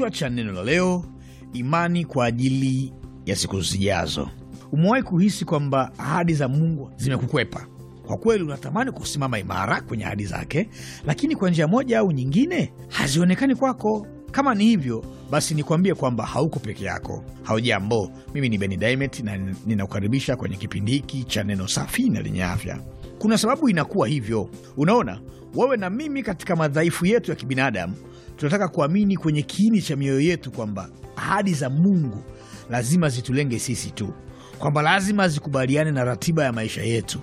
Kichwa cha neno la leo: imani kwa ajili ya siku zijazo. Umewahi kuhisi kwamba ahadi za Mungu zimekukwepa? Kwa kweli, unatamani kusimama imara kwenye ahadi zake, lakini kwa njia moja au nyingine hazionekani kwako. Kama ni hivyo, basi nikuambie kwamba hauko peke yako. Haujambo, mimi ni Beni Dimet na ninakukaribisha kwenye kipindi hiki cha neno safi na lenye afya. Kuna sababu inakuwa hivyo. Unaona, wewe na mimi katika madhaifu yetu ya kibinadamu tunataka kuamini kwenye kiini cha mioyo yetu kwamba ahadi za Mungu lazima zitulenge sisi tu, kwamba lazima zikubaliane na ratiba ya maisha yetu.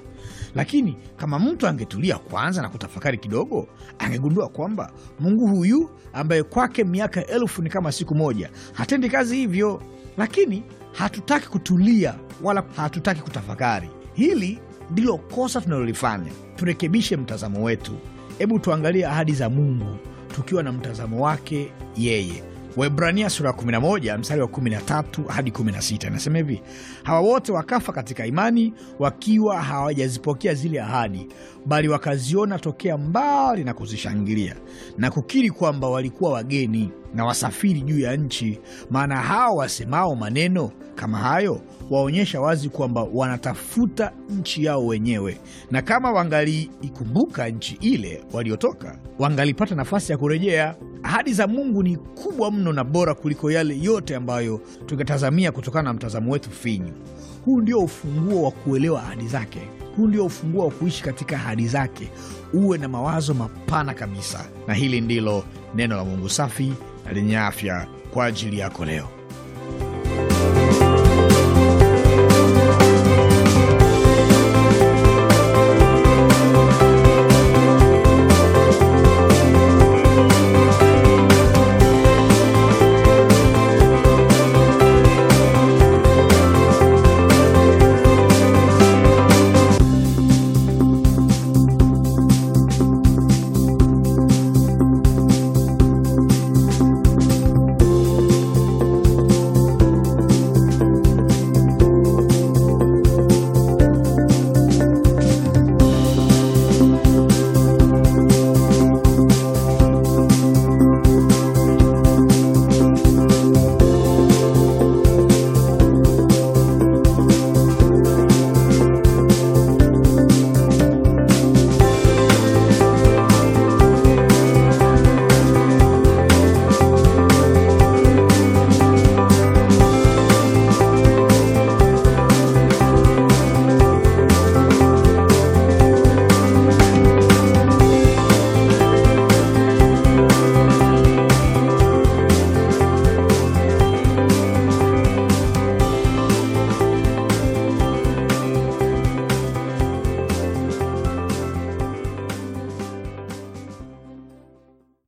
Lakini kama mtu angetulia kwanza na kutafakari kidogo, angegundua kwamba Mungu huyu ambaye kwake miaka elfu ni kama siku moja hatendi kazi hivyo. Lakini hatutaki kutulia wala hatutaki kutafakari. Hili ndilo kosa tunalolifanya. Turekebishe mtazamo wetu. Hebu tuangalie ahadi za Mungu tukiwa na mtazamo wake yeye. Waebrania sura ya 11 mstari wa 13 hadi 16 inasema hivi: hawa wote wakafa katika imani, wakiwa hawajazipokea zile ahadi, bali wakaziona tokea mbali na kuzishangilia, na kukiri kwamba walikuwa wageni na wasafiri juu ya nchi. Maana hao wasemao maneno kama hayo waonyesha wazi kwamba wanatafuta nchi yao wenyewe, na kama wangaliikumbuka nchi ile waliotoka, wangalipata nafasi ya kurejea ahadi za Mungu ni kubwa mno na bora kuliko yale yote ambayo tungetazamia kutokana na mtazamo wetu finyu. Huu ndio ufunguo wa kuelewa ahadi zake. Huu ndio ufunguo wa kuishi katika ahadi zake, uwe na mawazo mapana kabisa. Na hili ndilo neno la Mungu safi na lenye afya kwa ajili yako leo.